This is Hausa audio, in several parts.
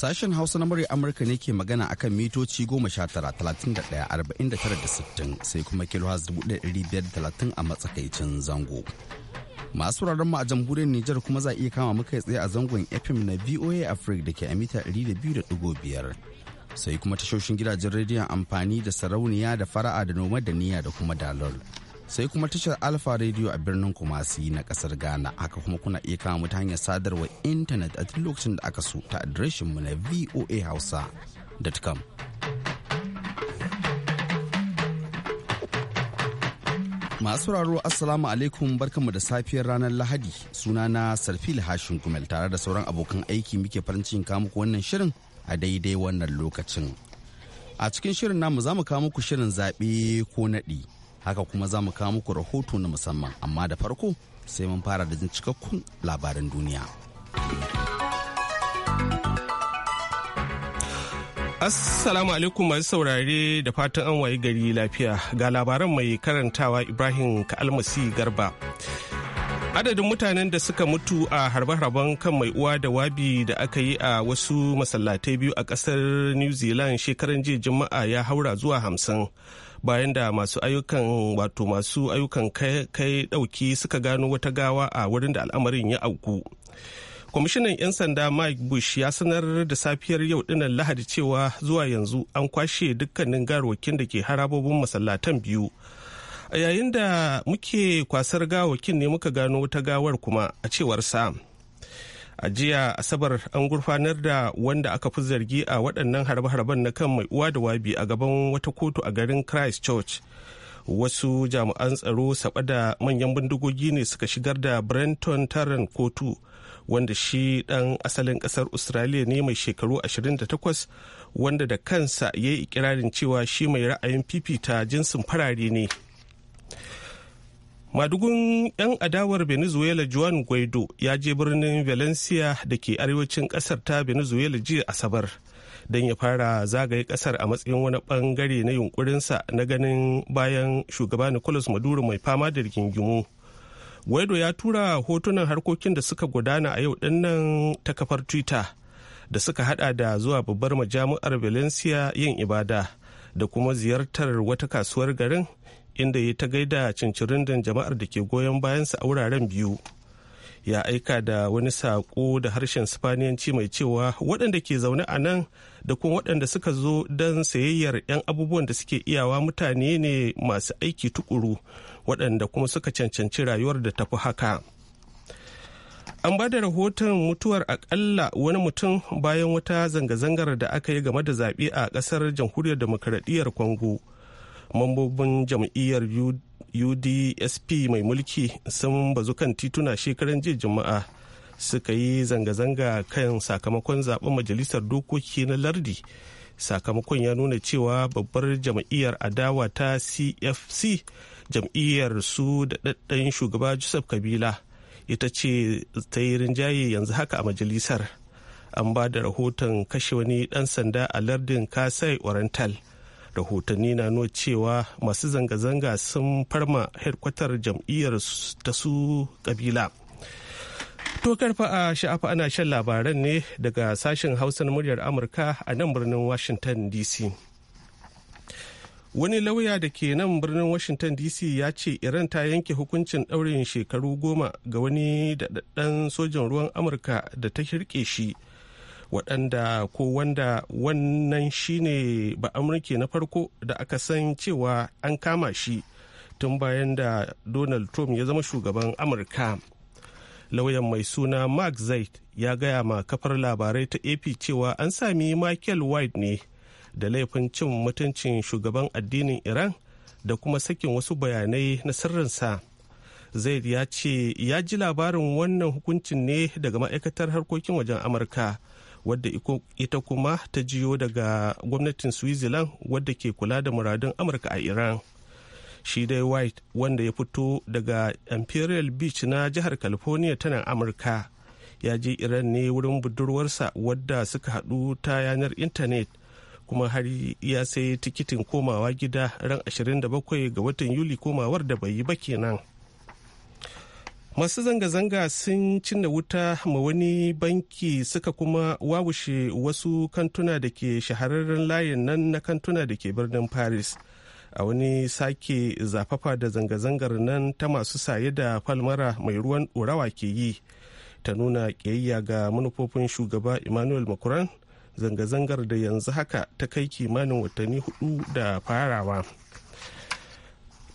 Sashen Hausa na murya Amurka ne ke magana a kan mitoci sittin sai kuma da 1,530 a matsakaicin zango. Masu wuraren mu a jamhuriyar Nijar kuma za iya kama muka tsaye a zangon FM na VOA Africa da ke a mita 200.5. Sai kuma tashoshin gidajen rediyon amfani da sarauniya da fara'a da noma da niyya da kuma dalol. sai kuma tashar alfa radio a birnin kumasi na kasar ghana haka kuma kuna iya kama mu ta hanyar sadarwa intanet a duk lokacin da aka so ta adireshin mu na voa hausa.com Masu raro Assalamu alaikum barkanmu da safiyar ranar Lahadi suna na Sarfil Hashin kumel tare da sauran abokan aiki muke farin cikin kamu muku wannan shirin a daidai wannan lokacin. A cikin shirin namu za mu kawo muku shirin zaɓe ko naɗi haka kuma za mu kawo muku rahoto na musamman amma da farko sai mun fara da jin cikakkun labaran duniya assalamu alaikum masu saurare da fatan an waye gari lafiya ga labaran mai karantawa ibrahim kalmasi garba adadin mutanen da suka mutu a harbe-harben kan mai uwa da wabi da aka yi a wasu masallatai biyu a kasar new zealand shekaran jiya juma'a ya haura zuwa hamsin bayan da masu ayyukan wato masu ayyukan kai dauki suka gano wata gawa a wurin da al'amarin ya auku kwamishinan 'yan sanda mike bush ya sanar da safiyar yau dinnan lahadi cewa zuwa yanzu an kwashe dukkanin garwakin da ke harabobin masallatan biyu a yayin da muke kwasar gawakin ne muka gano wata gawar kuma a cewar sam a jiya asabar an gurfanar da wanda aka fi zargi a waɗannan harbe-harben na kan mai uwa da wabi a gaban wata kotu a garin christchurch wasu jami'an tsaro saba da manyan bindigogi ne suka shigar da brenton taron kotu wanda shi ɗan asalin ƙasar australia ne mai shekaru 28 wanda da kansa ya yi ikirarin cewa shi mai ra'ayin fifita jinsin farare ne madugun 'yan adawar venezuela juan guaido ya je birnin valencia da ke arewacin kasar ta venezuela jiya asabar don ya fara zagaye kasar a matsayin wani bangare na yunkurinsa na ganin bayan shugaba nicolas maduro mai fama da rigingimu guaido ya tura hotunan harkokin da suka gudana a yau dinnan ta kafar twitter da suka hada da zuwa babbar majami'ar valencia yin ibada da kuma ziyartar wata kasuwar garin inda ya ta gaida cincirindin jama'ar da ke goyon bayansa a wuraren biyu ya aika da wani saƙo da harshen sifaniyanci mai cewa waɗanda ke zaune a nan da kuma waɗanda suka zo don sayayyar 'yan abubuwan da suke iyawa mutane ne masu aiki tukuru waɗanda kuma suka cancanci rayuwar da tafi haka an ba da rahoton mutuwar akalla wani mutum bayan wata zanga-zangar da aka yi game da zaɓe a ƙasar jamhuriyar demokradiyyar congo mambobin jam'iyyar UDSP mai mulki sun bazu kan tituna shekaran jiya Juma'a suka yi zanga-zanga kan sakamakon zaben majalisar dokoki na lardi. Sakamakon ya nuna cewa babbar jam'iyyar adawa ta CFC jam'iyyar su da ɗaɗɗan shugaba Joseph Kabila ita ce ta yi rinjaye yanzu haka a majalisar. An ba da rahoton kashe wani ɗan sanda a lardin Kasai Oriental. rahotanni na nuna cewa masu zanga-zanga sun farma hedkwatar jam'iyyar ta su kabila to karfa a sha'afa ana shan labaran ne daga sashen hausa muryar amurka a nan birnin washington dc wani lauya da ke nan birnin washington dc ya ce iran ta yanke hukuncin ɗaurin shekaru goma ga wani daɗaɗɗen sojan ruwan amurka da ta hirke shi waɗanda ko wanda wannan shine ba amurke na farko da aka san cewa an kama shi tun bayan da donald trump ya zama shugaban amurka lauyan mai suna mark zait ya gaya ma kafar labarai ta ap cewa an sami michael white ne da laifin cin mutuncin shugaban addinin iran da kuma sakin wasu bayanai na sirrinsa zaid ya ce ya ji labarin wannan hukuncin ne daga ma'aikatar harkokin wajen amurka wadda ita kuma ta jiyo daga gwamnatin switzerland wadda ke kula da muradun amurka a iran shi dai white wanda ya fito daga imperial beach na jihar california ta nan amurka ya je iran ne wurin budurwarsa wadda suka hadu ta yanar intanet kuma har ya sayi tikitin komawa gida ran 27 ga watan yuli komawar da bai yi ba kenan masu zanga-zanga sun cinna wuta ma wani banki suka kuma wawushe wasu kantuna da ke shahararren layin nan na kantuna da ke birnin paris a wani sake zafafa da zanga-zangar nan ta masu saye da falmara mai ruwan ɗorawa ke yi ta nuna ƙiyayya ga manufofin shugaba emmanuel macron zanga-zangar da yanzu haka ta kai kimanin watanni hudu da farawa.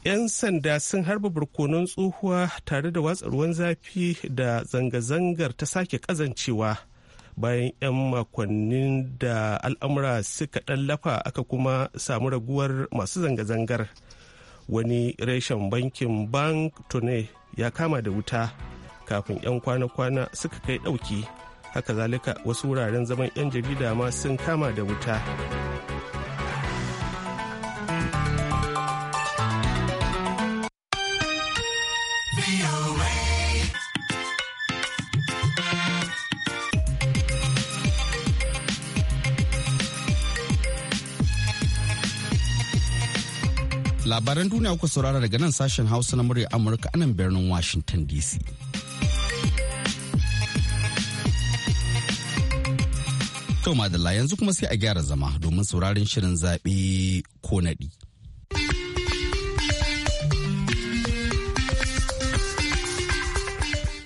'yan sanda sun harba barkonon tsohuwa tare da watsa ruwan zafi da zanga-zangar ta sake kazancewa bayan 'yan makonnin da al'amura suka ɗan lafa aka kuma samu raguwar masu zanga-zangar wani reshen bankin bank tone ya kama da wuta kafin 'yan kwana-kwana suka kai ɗauki haka zalika wasu wuraren zaman 'yan jarida ma sun kama da wuta labaran duniya ku saurara daga nan sashen hausa na murya amurka anan birnin washington dc to madalla yanzu kuma sai a gyara zama domin sauraron shirin zaɓe ko naɗi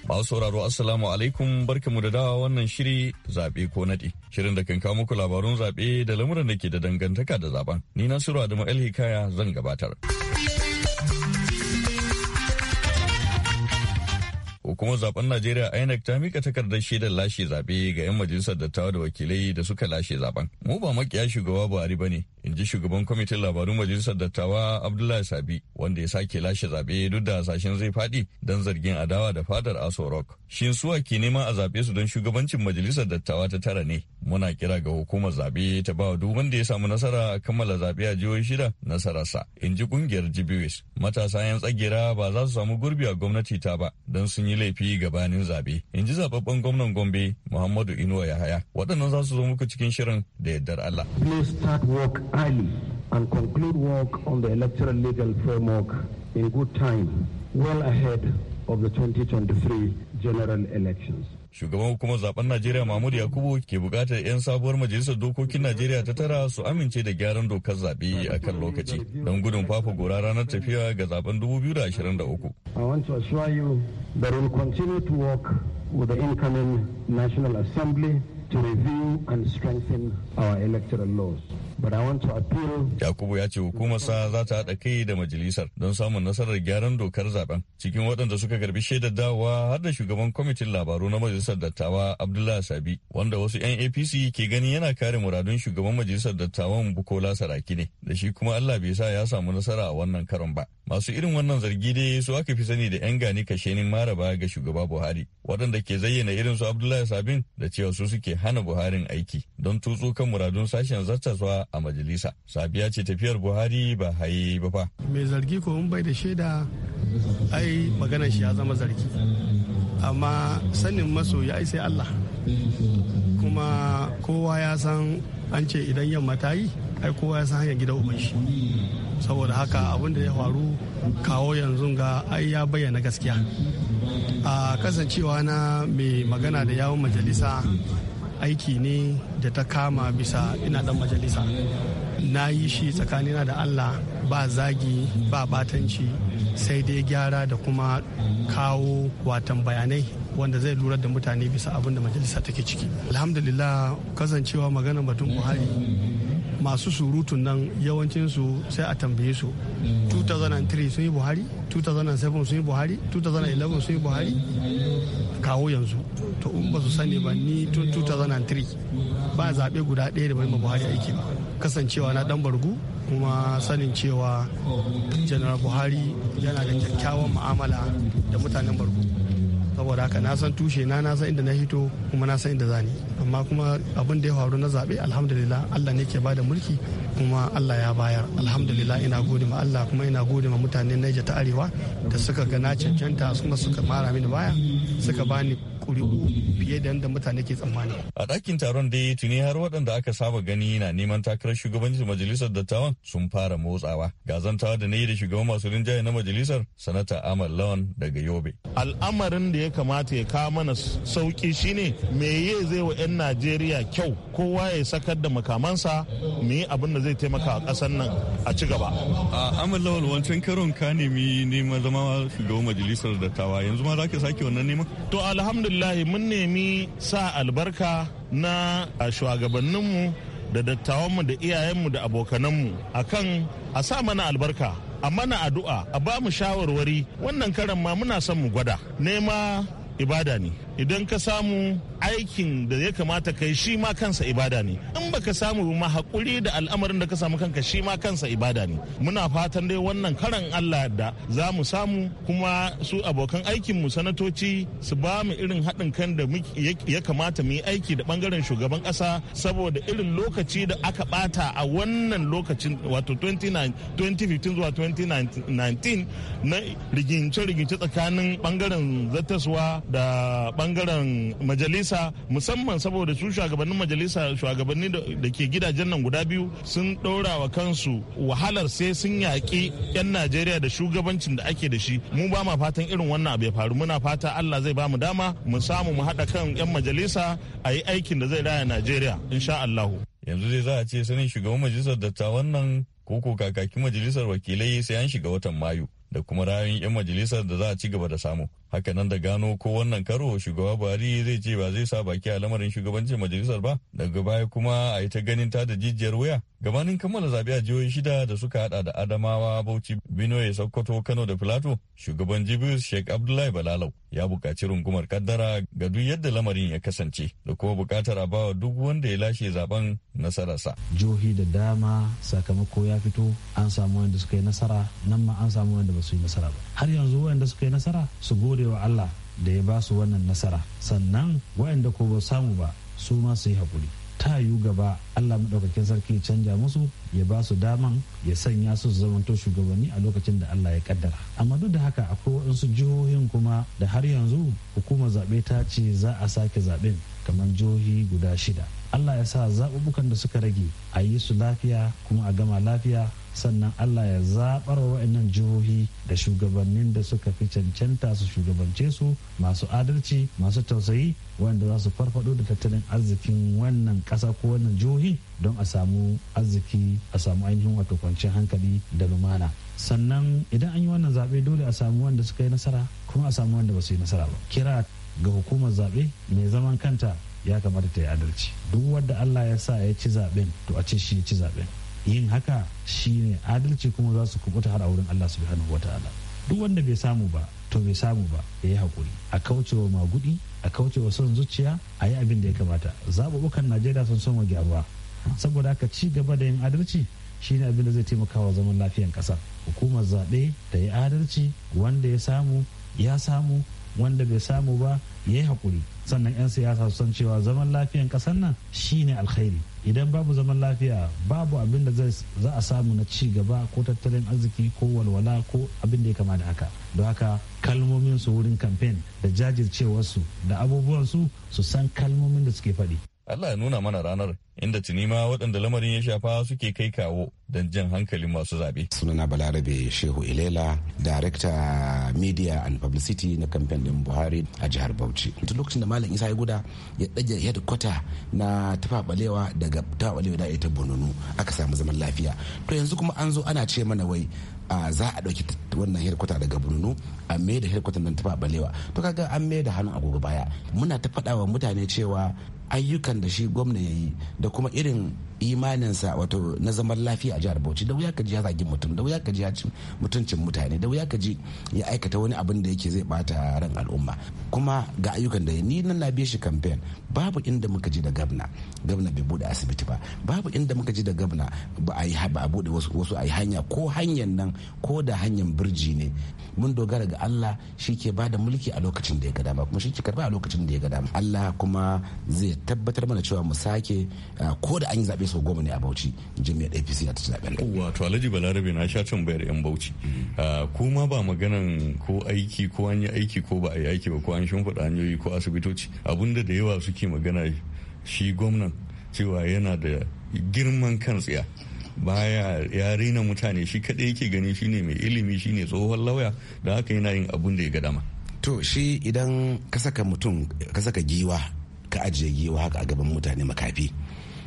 Masu sauraro Assalamu alaikum barkamu da dawa wannan shiri zaɓe ko naɗi. Shirin da kan kawo muku labarun zaɓe da lamuran da ke da dangantaka da zaben. Ni Nasiru Adamu El Hikaya zan gabatar. Hukumar zaben Najeriya INEC ta mika takardar shaidar lashe zaɓe ga 'yan majalisar dattawa da wakilai da suka lashe zaben. Mu ba makiya shugaba Buhari ba ne, in ji shugaban kwamitin labarun majalisar dattawa Abdullahi Sabi wanda ya sake lashe zaɓe duk da hasashen zai faɗi don zargin adawa da fadar Aso Rock. Shin suwa ke nema a zaɓe su don shugabancin majalisar dattawa ta tara ne? Muna kira ga hukumar zaɓe ta ba duk wanda ya samu nasara a kammala zaɓe a jihohi shida nasararsa, in ji ƙungiyar jibiwis Matasa 'yan tsagera ba za su samu gurbi a gwamnati ta ba don sun yi laifi gabanin zabe in ji zababben gwamnan gombe muhammadu inuwa yahaya waɗannan za su zo muku cikin shirin da yardar allah work and work on the electoral in good time ahead of the 2023 general elections shugaban hukumar zaben najeriya mahmud yakubu ke buƙatar 'yan sabuwar majalisar dokokin najeriya ta tara su amince da gyaran dokar zaɓe a kan lokaci don gudun fafa gora ranar tafiya ga zaben 2023 i want to assure you continue to work with the national assembly to review and strengthen our electoral laws Yakubu ya ce hukumarsa za ta haɗa kai da majalisar don samun nasarar gyaran dokar zaben. Cikin waɗanda suka karbi shaidar dawowa har da shugaban kwamitin labaru na majalisar dattawa Abdullahi Sabi wanda wasu 'yan APC ke gani yana kare muradun shugaban majalisar dattawan Bukola Saraki ne da shi kuma Allah bai sa ya samu nasara a wannan karon ba. Masu irin wannan zargi dai su aka fi sani da 'yan gani Kashe ni maraba ga shugaba Buhari waɗanda ke zayyana irin su Abdullahi Sabin da cewa su suke hana Buharin aiki don tutsu kan muradun sashen zartaswa a majalisa. safiya ce tafiyar Buhari ba haye ba fa. Mai zargi ko in bai da shaida ai magana shi ya zama zargi. Amma sanin ya ai sai Allah. Kuma kowa ya san an ce idan yamma ta yi ai kowa ya san hanyar gida uban shi. Saboda haka abin da ya faru kawo yanzu ga ai ya bayyana gaskiya. A kasancewa na mai magana da yawon majalisa aiki ne da ta kama bisa ina dan majalisa na yi shi tsakanina da allah ba zagi ba batanci sai dai gyara da kuma kawo watan bayanai wanda zai lura da mutane bisa abin da majalisa take ciki alhamdulillah kasancewa magana batun buhari masu surutun nan yawancinsu sai a tambaye su 2003 sun yi buhari 2007 sun yi buhari 2011 sun yi buhari kawo yanzu to in ba su sani ba ni tun 2003 ba zaɓe guda ɗaya da bai ma buhari aiki ba kasancewa na ɗan bargu kuma sanin cewa janaral buhari yana da kyakkyawan ma'amala da mutanen bargu saboda haka na san tushe na na san inda na hito kuma na san inda zani amma kuma abin da ya faru na zaɓe alhamdulillah Allah ne ke da mulki kuma Allah ya bayar alhamdulillah ina gode ma Allah kuma ina gode ma mutanen Niger ta Arewa da suka ga na cancanta kuma suka mara mini baya suka bani kuri'u fiye da yadda mutane ke tsammani. A ɗakin taron dai tuni har waɗanda aka saba gani na neman takarar shugabancin majalisar dattawan sun fara motsawa. zantawa da na yi da shugaban masu rinjaye na majalisar sanata Amal Lawan daga Yobe. Al'amarin da ya kamata ya kawo mana sauki shine me ye zai wa 'yan Najeriya kyau kowa ya sakar da makamansa me yi abin da zai taimaka a ƙasar nan a ci gaba. Amal Lawal wancan karon ka nemi neman zama shugaban majalisar dattawa yanzu ma za ka sake wannan neman? To alhamdulillah lillahi mun nemi sa albarka na shugabanninmu da dattawanmu da iyayenmu da abokananmu akan a sa mana albarka a mana addu'a a ba mu shawarwari wannan karan ma muna son mu gwada nema ibada ne idan ka samu aikin da ya kamata kai shi ma kansa ibada ne in baka samu ma hakuri da al'amarin da ka samu kanka shi ma kansa ibada ne muna fatan dai wannan karan Allah da za mu samu kuma su abokan aikin mu sanatoci su ba mu irin haɗin kan da ya kamata mu yi aiki da bangaren shugaban ƙasa saboda irin lokaci da aka bata a wannan lokacin wato 2015 zuwa 2019 na rigince-rigince tsakanin bangaren zattaswa da bangaren majalisa musamman saboda su shugabannin majalisa shugabanni da ke gidajen nan guda biyu sun ɗora wa kansu wahalar sai sun yaƙi 'yan najeriya da shugabancin da ake da shi mu ba ma fatan irin wannan abu ya faru muna fata allah zai ba mu dama mu samu mu haɗa kan 'yan majalisa a yi aikin da zai raya najeriya insha allahu yanzu zai za a ce sanin shugaban majalisar dattawan nan wannan koko kakakin majalisar wakilai sai an shiga watan mayu da kuma rayun 'yan majalisar da za a ci gaba da samu haka nan da gano ko wannan karo shugaba buhari zai ce ba zai sa baki a lamarin shugabancin majalisar ba daga baya kuma a yi ta ganin ta da jijiyar wuya gabanin kammala zabe a jihohi shida da suka hada da adamawa bauchi ya sokoto kano da filato shugaban jibius sheikh abdullahi balalau ya buƙaci rungumar kaddara ga duk yadda lamarin ya kasance da kuma buƙatar a bawa duk wanda ya lashe zaben nasararsa jihohi da dama sakamako ya fito an samu wanda suka yi nasara nan ma an samu wanda ba su yi nasara ba har yanzu wanda suka yi nasara su gode godewa Allah da ya ba su wannan nasara sannan waɗanda ko ba samu ba su ma su yi haƙuri ta yiwu gaba Allah maɗaukakin sarki ya canja musu ya ba su daman ya sanya su su zamanto shugabanni a lokacin da Allah ya kaddara amma duk da haka akwai waɗansu jihohin kuma da har yanzu hukumar zaɓe ta ce za a sake zaɓen kamar jihohi guda shida Allah ya sa zaɓuɓɓukan da suka rage a yi su lafiya kuma a gama lafiya sannan allah ya zaɓar wa'annan jihohi da shugabannin da suka fi cancanta su shugabance su masu adalci masu tausayi wanda za su farfado da tattalin arzikin wannan ƙasa ko wannan jihohi don a samu arziki a samu ainihin wato kwanciyar hankali da lumana sannan idan an yi wannan zaɓe dole a samu wanda suka yi nasara kuma a samu wanda ba su yi nasara ba kira ga hukumar zaɓe mai zaman kanta ya kamata ta yi adalci duk wanda allah ya sa ya ci zaɓen to a ce shi ya ci zaɓen yin haka shi ne adalci kuma za su kubuta har a wurin Allah subhanahu wataala duk wanda bai samu ba to bai samu ba ya yi hakuri a kaucewa magudi a kaucewa son zuciya a yi abin da ya kamata zaɓuɓɓukan najeriya sun soma gyaruwa saboda haka ci gaba da yin adalci shi ne abin da zai taimaka wa zaman lafiyan ƙasa hukumar zaɓe ta yi adalci wanda ya samu ya samu wanda bai samu ba ya yi hakuri sannan 'yan siyasa su san cewa zaman lafiyan ƙasar nan shi ne alkhairi idan babu zaman lafiya babu abin da za a samu na ci gaba ko tattalin arziki ko walwala ko abin da ya kama da haka don haka kalmomin su wurin kamfen da jajircewarsu da abubuwan su su san kalmomin da suke faɗi Allah ya nuna mana ranar inda tuni waɗanda lamarin ya shafa suke kai kawo don jan hankalin masu zaɓe. Sunana Balarabe Shehu Ilela, Director Media and Publicity na kamfen ɗin Buhari a jihar Bauchi. Tun lokacin da Malam Isa ya guda ya ɗage headquarter na tafabalewa daga tafabalewa da ita Bononu aka samu zaman lafiya. To yanzu kuma an zo ana ce mana wai za a ɗauki wannan herkuta daga bununu a mai da herkuta nan tafa balewa to kaga an mai da hannun agogo baya muna ta faɗa wa mutane cewa ayyukan da shi gwamna ya yi da kuma irin imaninsa wato na zaman lafiya a jihar bauchi da wuya ka ji ya zagi mutum da wuya ka ji ya mutuncin mutane da wuya ka ji ya aikata wani abin da yake zai bata ran al'umma kuma ga ayyukan da ni nan na biye shi campaign babu inda muka ji da gabna gabna bai bude asibiti ba babu inda muka ji da gabna ba a yi ba a bude wasu a yi hanya ko hanyar nan ko da hanyar birji ne mun dogara ga Allah shi ke bada mulki a lokacin da ya ga dama kuma shi ke karba a lokacin da ya ga dama Allah kuma zai tabbatar mana cewa mu sake ah, ko da an yi zaɓe sau goma ne a bauchi jami'ar apc na tattalin wato alhaji balarabe na sha can bayar yan bauchi mm. ah, kuma ba maganan ko aiki ko an yi aiki ko ba a yi aiki ba ko an shimfiɗa hanyoyi ko asibitoci abinda da da yawa suke magana shi gwamnan cewa yana da girman kan tsiya baya ya rina mutane shi kaɗai yake gani shine mai ilimi shine tsohon lauya da haka yana yin abun da ya ga dama to shi idan ka saka mutum ka saka giwa ka ajiye giwa haka a gaban mutane makafi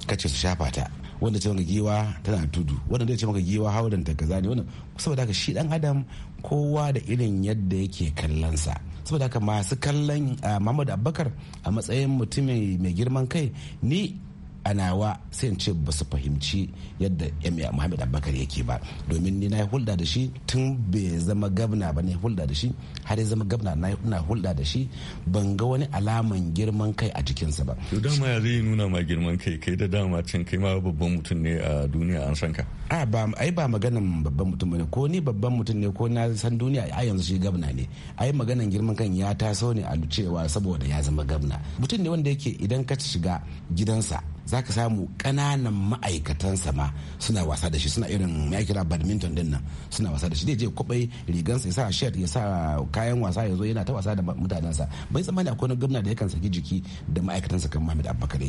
kace su shafa ta wanda ce maka giwa tana tudu wanda zai ce maka giwa hauren ta kaza ne wannan saboda haka shi dan adam kowa da irin yadda yake kallon sa saboda haka masu kallon ah, Muhammad Abubakar a matsayin mutumin mai girman kai ni nawa sai in ce ba su fahimci yadda yamiya muhammad abubakar yake ba domin ni na yi hulɗa da shi tun bai zama gabna ba ne hulɗa da shi har ya zama gabna na hulɗa da shi ban ga wani alaman girman kai a jikinsa ba to dama ya zai nuna ma girman kai kai da dama can kai ma babban mutum ne a duniya an san ka a ba ai ba maganan babban mutum ne ko ni babban mutum ne ko na san duniya a yanzu shi gabna ne ai maganan girman kan ya taso ne a cewa saboda ya zama gabna mutum ne wanda yake idan ka shiga gidansa za ka samu kananan ma'aikatan ma suna wasa da shi suna irin ya kira badminton din nan suna wasa da shi zai je kwabai rigansa ya sa shirt ya sa kayan wasa ya zo yana ta wasa da mutanensa bai tsammani akwai wani gwamna da yakan saki jiki da ma'aikatansa kan Muhammad Abubakar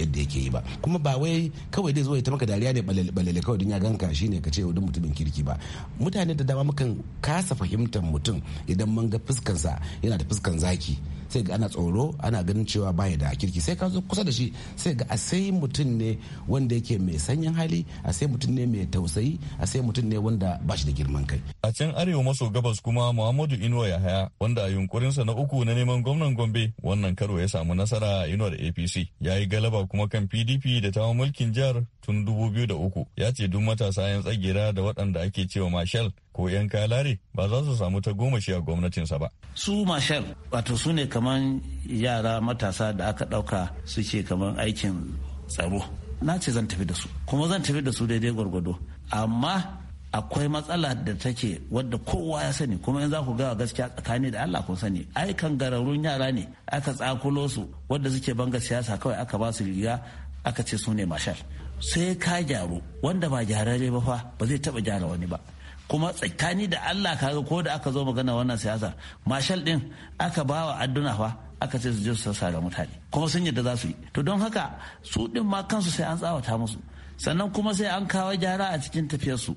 yadda yake yi ba kuma ba wai kawai dai zo ya ta maka dariya ne balale kawai don ya ganka shine ka ce wani mutumin kirki ba mutane da dama mukan kasa fahimtar mutum idan mun ga fuskansa yana da fuskan zaki sai ga ana tsoro ana ganin cewa baya da kirki sai ka zo kusa da shi sai ga asai mutum ne wanda yake mai sanyin hali asai mutum ne mai tausayi asai mutum ne wanda ba shi da girman kai A can arewa maso gabas kuma Muhammadu Inuwa Yahaya wanda a yunkurinsa na uku na neman gwamnan Gombe wannan karo ya samu nasara a Inuwa da APC. Ya yi galaba kuma kan PDP da tawon mulkin jihar tun biyu da uku Ya ce duk matasa 'yan tsagera da waɗanda ake cewa Marshal ko 'yan kalare ba za su samu ta goma shi a gwamnatinsa ba. Su Marshal wato su ne kaman yara matasa da aka ɗauka suke kaman aikin tsaro. Na ce zan tafi da su kuma zan tafi da su daidai gwargwado amma akwai matsala da take wadda kowa ya sani kuma in za ku gawa gaskiya tsakani da Allah kun sani ai kan gararrun yara ne aka tsakulo su wadda suke banga siyasa kawai aka ba su riga aka ce su ne mashal sai ka gyaru wanda ba gyararre ba fa ba zai taba gyara wani ba kuma tsakani da Allah kaga ko da aka zo magana wannan siyasa mashal din aka bawa adduna fa aka ce su je su sassa da mutane kuma sun yadda za su yi to don haka su din ma kansu sai an tsawata musu sannan kuma sai an kawo gyara a cikin tafiyarsu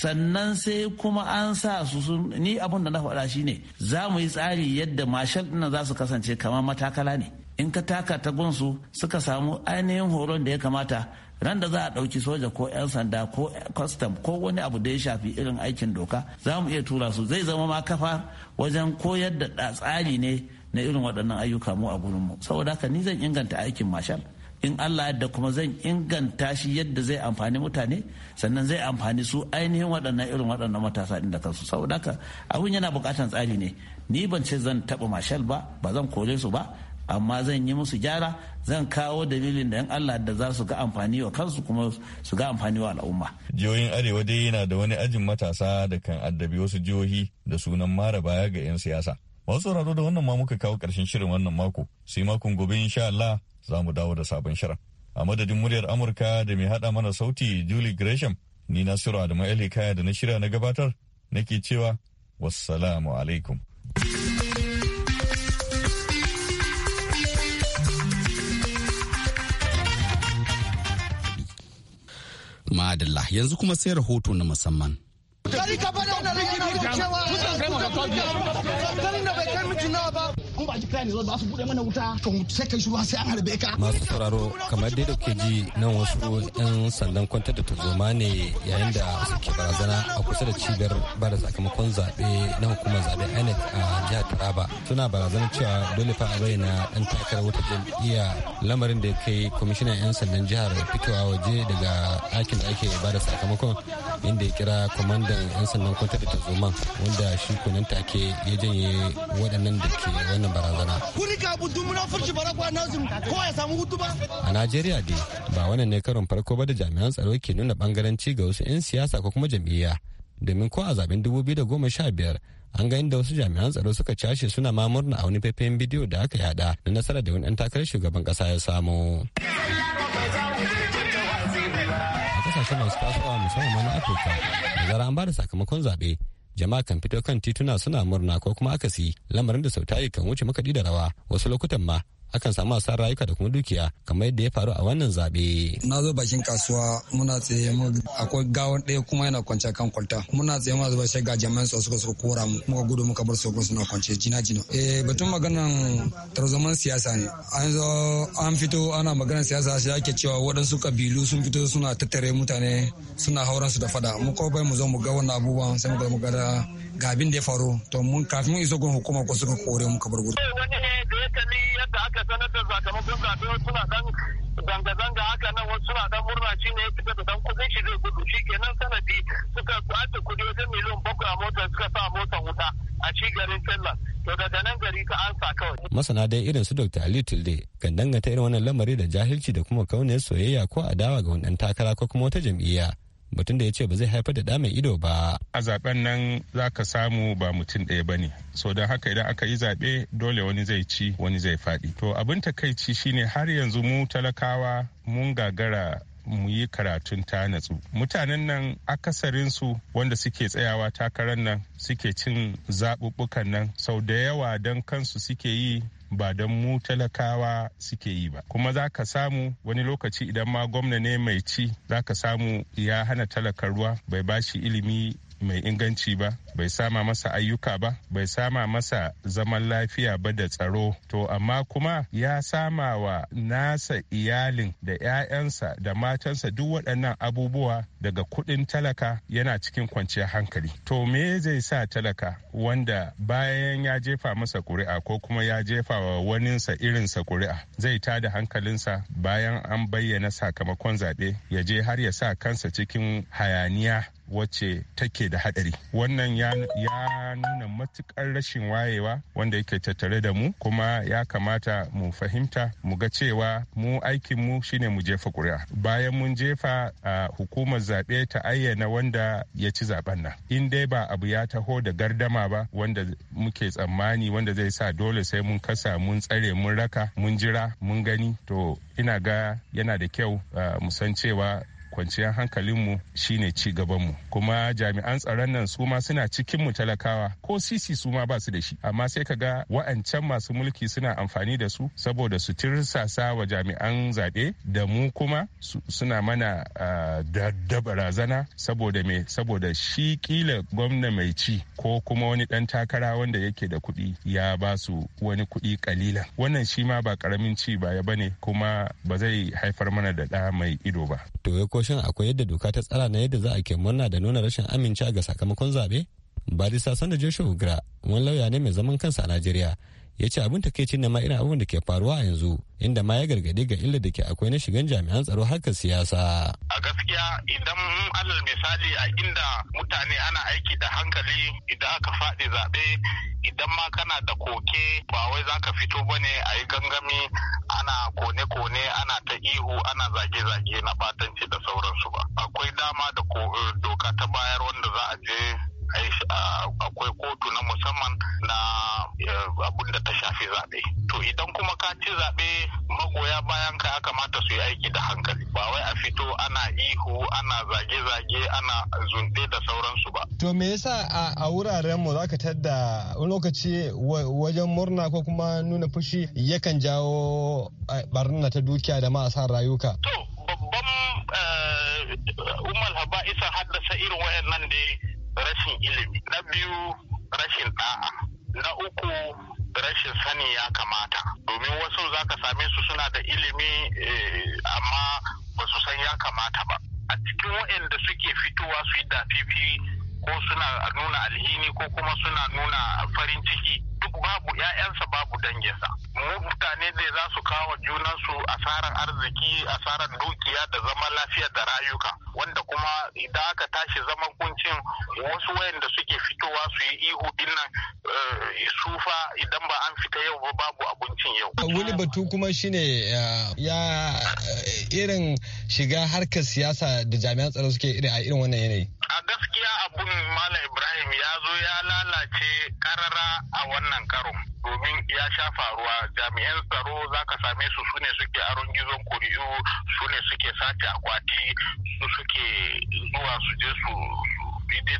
sannan sai kuma an sa su ni abin da na faɗa shine za mu yi tsari yadda mashal ɗin za su kasance kamar matakala ne in ka taka ta gunsu suka samu ainihin horon da ya kamata ran da za a ɗauki soja ko 'yan sanda ko kwastam ko wani abu da ya shafi irin aikin doka za mu iya tura su zai zama ma kafa wajen koyar da tsari ne na irin waɗannan ayyuka mu a gurinmu saboda haka ni zan inganta aikin mashal in Allah yadda kuma zan inganta shi yadda zai amfani mutane sannan zai amfani su ainihin waɗannan irin waɗannan matasa ɗin da kansu saboda haka abin yana buƙatar tsari ne ni ban ce zan taɓa mashal ba ba zan kore su ba amma zan yi musu gyara zan kawo dalilin da 'yan Allah da za su ga amfani wa kansu kuma su ga amfani wa al'umma. Jihohin Arewa dai yana da wani ajin matasa da kan addabi wasu jihohi da sunan mara baya ga 'yan siyasa. Masu sauraro da wannan ma muka kawo ƙarshen shirin wannan mako, sai makon gobe insha Allah za mu dawo da sabon shirin. A madadin muryar Amurka da mai haɗa mana sauti Julie Gresham, ni na Sura da Ma'ali Kaya da na shirya na gabatar, nake cewa, wassalamu alaikum. Ma'adalla yanzu kuma sai rahoto na musamman. Dari ka bada da cewa da bai kai mutu nawa ba. in ba ji ne zo ba su bude mana wuta to sai kai shiru sai an harbe ka masu sauraro kamar dai da ke ji nan wasu yan sandan kwantar da tarzoma ne yayin da suke barazana a kusa da cibiyar ba da sakamakon zaɓe na hukumar zaɓe INEC a jihar Taraba suna barazanar cewa dole fa a bayyana dan takarar wata jam'iyya lamarin da ya kai kwamishinan yan sandan jihar fitowa waje daga ɗakin da ake sakamakon inda ya kira kwamandan yan sandan kwantar da tarzoman wanda shi kunan take ya janye waɗannan da ke wannan barazana. Kuni ka abu dun barakwa ko ya samu hutu ba. A Najeriya dai ba wannan ne karon farko ba da jami'an tsaro ke nuna bangaranci ga wasu 'yan siyasa ko kuma jam'iyya. Domin ko a zaben biyar. an ga inda wasu jami'an tsaro suka cashe suna ma murna a wani faifayen bidiyo da aka yada na nasara da wani 'yan takarar shugaban kasa ya samu. a kasashe masu tasowa musamman na afirka da zara an ba da sakamakon zaɓe jama'a kan fito kan tituna suna murna ko kuma akasi lamarin da sau kan wuce makaɗi da rawa wasu lokutan ma akan samu asarar rayuka da kuma dukiya kamar yadda ya faru a wannan zaɓe. Na zo bakin kasuwa muna tsaye akwai gawan ɗaya kuma yana kwance kan kwalta muna tsaye muna zuba ga jami'an su suka suka kora mu muka gudu muka bar su suna kwance jina jina. Eh batun maganan tarzoman siyasa ne an zo an fito ana maganar siyasa shi ake cewa waɗansu kabilu sun fito suna tattare mutane suna hauran su da fada mu kawai bai mu zo mu ga wannan abubuwan sai mu ga mu ga abin da ya faru to mun kafin mu iso gun hukuma ko suka kore mu kabar gudu. yadda aka sanar da sakamakon zaɓe suna dan zanga-zanga haka nan wasu suna dan murna shi ne ya da dan kuɗin shi zai gudu shi kenan sanadi suka kwace kuɗi wajen miliyan bakwai a mota suka sa motar wuta a ci garin Finland. To daga nan gari ka ansa kawai. Masana dai irin su Dr. Ali Tilde kan danganta irin wannan lamari da jahilci da kuma kauniyar soyayya ko adawa ga wannan takara ko kuma wata jam'iyya. mutum da ya ce ba zai haifar da ɗa mai ido ba. A zaben nan za ka samu ba mutum ɗaya ba ne. So don haka idan aka yi zaɓe dole wani zai ci wani zai faɗi. To abin takaici shine har yanzu mu talakawa mun gagara mu yi karatun ta natsu mutanen nan akasarinsu wanda suke tsayawa takarar nan suke cin zaɓuɓɓukan nan sau da yawa don kansu suke yi ba don mu talakawa suke yi ba kuma za ka samu wani lokaci idan ma gwamna ne mai ci za ka samu ya hana talakar ruwa bai bashi ilimi mai inganci ba bai sama masa ayyuka ba bai sama masa zaman lafiya ba da tsaro to amma kuma ya sama wa nasa iyalin da 'ya'yansa da matansa duk waɗannan abubuwa daga kuɗin talaka yana cikin kwanciyar hankali to me zai sa talaka wanda bayan ya jefa masa ƙuri'a ko kuma ya jefa wa waninsa irinsa ƙuri'a zai ta da hankalinsa bayan an bayyana sakamakon zaɓe ya je har ya sa kansa cikin hayaniya wacce take da hadari wannan ya nuna matukar rashin wayewa wanda yake tattare da mu kuma ya kamata mu fahimta mu ga cewa mu aikin mu shine mu jefa ƙuri'a bayan mun jefa a hukumar zaɓe ta ayyana wanda ya ci zaben nan in dai ba abu ya taho da gardama ba wanda muke tsammani wanda zai sa dole sai mun kasa mun tsare mun raka mun jira mun gani to ina ga yana da kyau mu san cewa kwanciyar hankalinmu shine ci gabanmu kuma jami'an tsaron nan su ma suna cikin mu talakawa ko sisi su ma ba su da shi amma sai ka ga wa'ancan masu mulki suna amfani da su saboda su tirsasa wa jami'an zaɓe da mu kuma suna mana da barazana saboda me saboda shi kila gwamna mai ci ko kuma wani ɗan takara wanda yake da kuɗi ya ba su wani kuɗi kalila wannan shi ma ba karamin ci baya bane kuma ba zai haifar mana da ɗa mai ido ba. To shin akwai yadda doka ta tsara na yadda za a ke murna da nuna rashin amincewa ga sakamakon zaɓe? Barista Sanda Joshua Ugra, wani lauya ne mai zaman kansa a Najeriya, ya ce abin takaicin na ma irin abin da ke faruwa yanzu inda ma ya gargade ga illar da ke akwai na shigan jami'an tsaro harkar siyasa. A gaskiya idan alal misali a inda mutane ana aiki da hankali idan aka faɗi zaɓe idan ma kana da koke ba wai za ka fito ba ne a yi gangami ana kone-kone ana ta ihu ana zage-zage na batanci da sauransu ba. Akwai dama da eh, doka ta bayar wanda za a je akwai kotu na musamman na eh, abin da ta shafi zaɓe to idan kuma ka ci zaɓe magoya bayan ka ya kamata su yi aiki da hankali ba wai a fito ana ihu ana zage-zage ana zunde da sauransu ba to me yasa a wuraren mu zaka tadda wani lokaci wajen murna ko kuma nuna fushi yakan jawo eh, barna ta dukiya da ma rayuka to babban eh, umar haba isa haddasa irin wayannan da rashin ilimi na biyu rashin ɗa'a na uku rashin sani ya kamata domin wasu za ka same su suna da ilimi eh, amma ba su san ya kamata ba a cikin waɗanda suke fitowa su yi dafifi ko suna nuna alhini ko kuma suna nuna farin ciki babu ƴaƴansa babu danginsa mu mutane ne za su kawo su asarar arziki asarar dukiya da zaman lafiya da rayuka wanda kuma idan aka tashi zaman kuncin wasu wayanda suke fitowa su yi ihu dinnan eh, sufa idan ba an fita yau ba babu abincin yau wani batu kuma shine eh, ya eh, irin shiga harkar siyasa da jami'an tsaro suke irin a irin wannan yanayi abun Malam Ibrahim ya zo ya lalace karara a wannan karon domin ya sha faruwa jami'an tsaro za ka same su sune suke aron gizon kuri'u sune suke sace akwati su suke zuwa su je su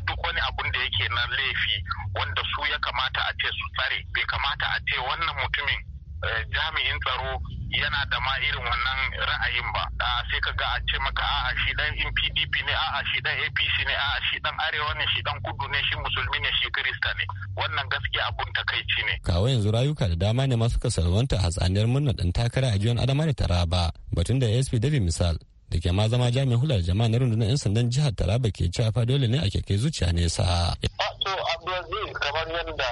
duk wani abun da yake na laifi wanda su ya kamata a ce su tsare bai kamata a ce wannan mutumin Eh, jami'in tsaro yana da ma irin wannan ra'ayin ba a sai ka ga a ce maka a'a shi dan PDP ne a'a shi dan APC ne a'a shi dan arewa ne shi dan kudu ne shi musulmi ne shi kirista ne wannan gaskiya abun takaici ne kawo yanzu rayuka da dama ne masu kasalwanta hatsaniyar murnar dan takara a jiyon adama da taraba batun da ASP David misal da ke ma zama jami'in hular jama'a na rundunar 'yan sandan jihar taraba ke cewa fa dole ne a keke zuciya nesa. Ah, to abdulaziz kamar yadda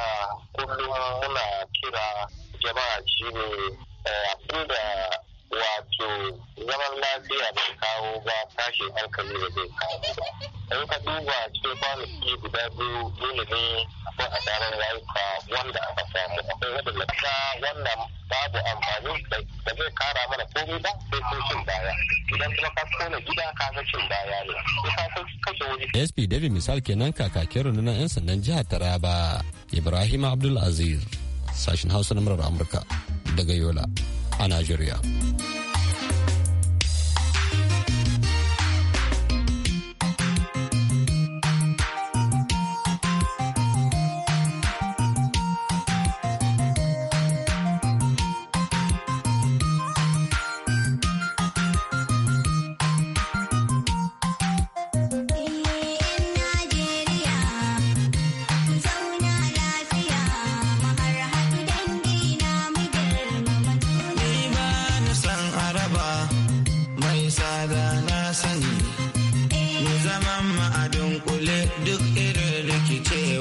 kullum muna kira jama'a shine eh, da. wato zaman lafiya da kawo ba tashi hankali da zai kawo in ka duba cikin kwanaki guda biyu dole ne akwai asarar rayuka wanda aka samu akwai wadanda ta wannan babu amfani da zai kara mana komai ba sai ko cin baya idan kuma ka kona gida ka ga cin baya ne ka san kashe wuri SP David misal kenan kakakin rundunar 'yan sandan jihar Taraba Ibrahim abdulaziz Aziz sashin Hausa na murar Amurka daga Yola. And Nigeria.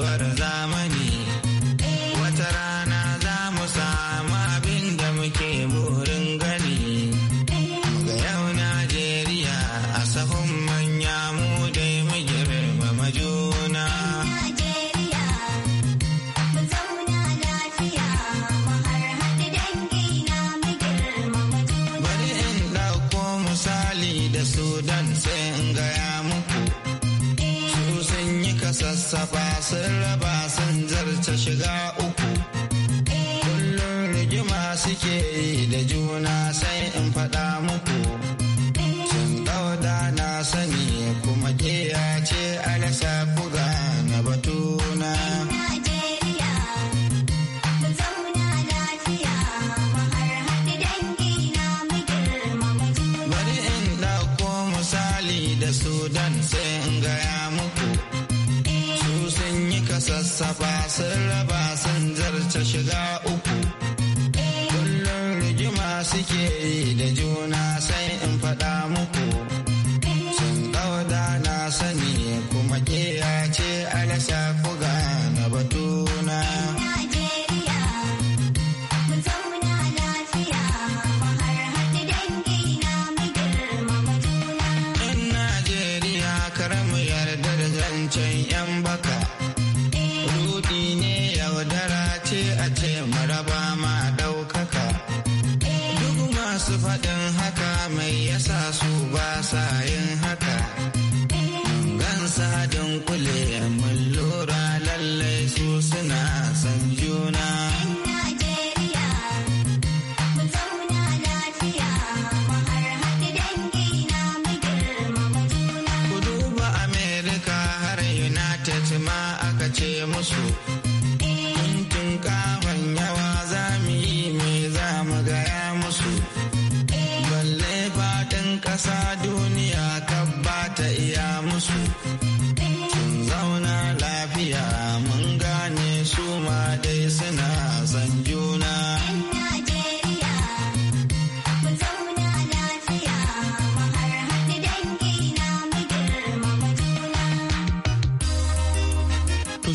you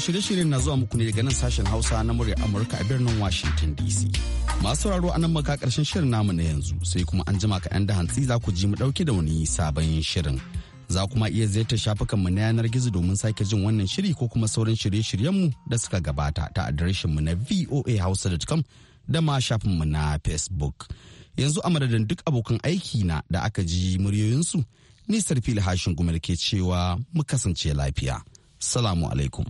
shirye-shiryen na zuwa muku ne daga nan sashen Hausa na murya Amurka a birnin Washington DC. Masu sauraro anan maka karshen shirin namu na yanzu sai kuma an jima ka 'yan da hantsi za ku ji mu dauke da wani sabon shirin. Za kuma iya ziyartar mu na yanar gizo domin sake jin wannan shiri ko kuma sauran shirye-shiryenmu da suka gabata ta mu na voahausa.com da ma shafin mu na Facebook. Yanzu a madadin duk abokan aiki na da aka ji muryoyinsu, nisar fili hashin gumar ke cewa mu kasance lafiya. Salamu alaikum.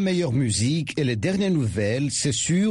meilleure musique et les dernières nouvelles, c'est sûr.